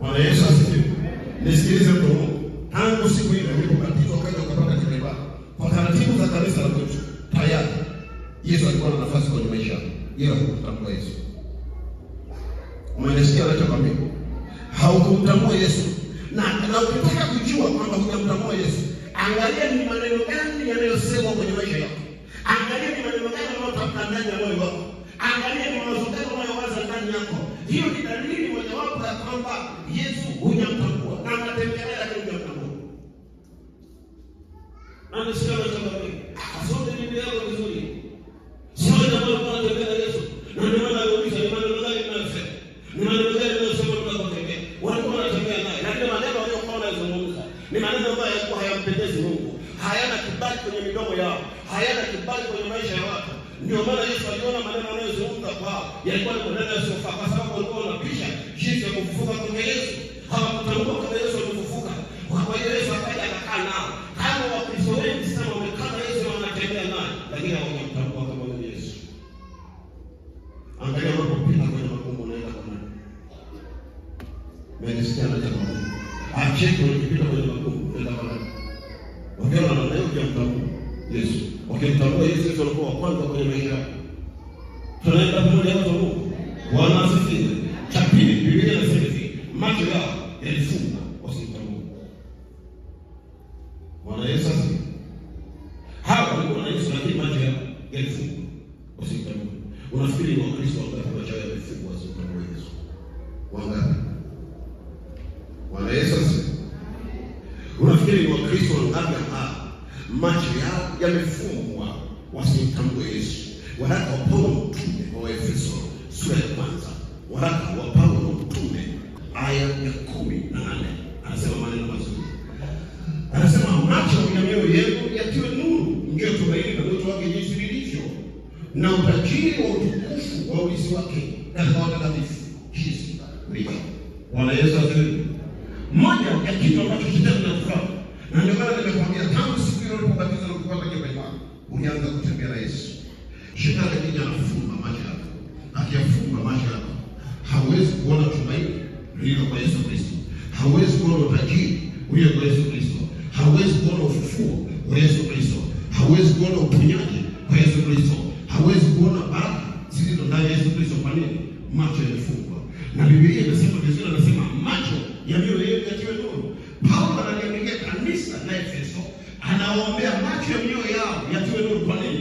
Bwana Yesu asifiwe. Nisikilize mtu Mungu, tangu siku ile ulipobatizwa ukaja ukapata kilemba kwa taratibu za kanisa la kwetu, tayari Yesu alikuwa na nafasi kwenye maisha yako, ila hukumtambua Yesu. Umenisikia anachokwambia? Haukumtambua Yesu na na ukitaka kujua kwamba hujamtambua Yesu, angalia ni maneno gani yanayosemwa kwenye maisha yako, angalia ni maneno gani yanayotamka ndani ya moyo wako, angalia ni mawazo gani unayowaza hiyo ni dalili mojawapo ya kwamba Yesu hujamtambua na anatembelea, lakini hujamtambua. Nani sio anatambua? Asome Biblia yako vizuri, sio ndio? Kwa anatembea Yesu na ndio maana aliuliza ni maneno gani mnasema, ni maneno gani mnasema tunakotembea? Walikuwa wanatembea naye, na ndio maneno waliokuwa wanazungumza ni maneno ambayo hayampendezi Mungu, hayana kibali kwenye midomo yao, hayana kibali kwenye maisha ya watu. Ndio maana Yesu aliona maneno anayozungumza kwao yalikuwa ni maneno yasiyofaa, kwa sababu walikuwa wanapisha jinsi ya kufufuka kwa Yesu. Hawakutambua kama Yesu alifufuka. Kwa hiyo Yesu akaja akakaa nao, kama Wakristo wengi sana wamekaa na Yesu na wanatembea naye, lakini hawakumtambua kama ni Yesu. Angalia unapopita kwenye makumbo unaenda kwa nani? Mwenye sikia na jamaa. Acheke unapita kwenye makumbo mtambua Yesu Kristo alikuwa wa kwanza kwenye maisha yako. Tunaenda pamoja hapo Mungu. Bwana asifiwe. Cha pili Biblia inasema hivi, macho yao yalifungwa wasimtambue. Bwana Yesu asifiwe. Hawa walikuwa na Yesu lakini macho yao yalifungwa wasimtambue. Unafikiri ni Wakristo wangapi macho yao yalifungwa wasimtambue Yesu? Wangapi? Bwana Yesu asifiwe. Unafikiri ni Wakristo wangapi macho yao yamefungwa wasimtambue Yesu. Waraka wa Paulo mtume wa Waefeso sura ya kwanza, waraka wa Paulo mtume aya ya kumi na nane anasema maneno mazuri, anasema macho ya mioyo yenu yatiwe nuru, ndiyo tumaini na ndoto wake jinsi lilivyo, na utajiri wa utukufu wa urithi wake katika watakatifu Yesu Kristo. Bwana Yesu asifiwe. Moja ya kitu ambacho shetani anafurahi, na ndio maana nimekuambia tangu umeanza kutembea na Yesu. Shetani akija anafunga macho yako, akiyafunga macho yako hauwezi kuona tumaini lililo kwa Yesu Kristo, hauwezi kuona utajiri ulio kwa Yesu Kristo, hauwezi kuona ufufuo wa Yesu Kristo, hauwezi kuona uponyaji kwa Yesu Kristo, hauwezi kuona baraka zilizo ndani ya Yesu Kristo. Kwa nini? Macho yamefungwa, na Biblia inasema vizuri, anasema macho yaliyo yeye yatiwe nuru. Paulo nawaombea macho mioyo yao yatiwe nuru kwa nini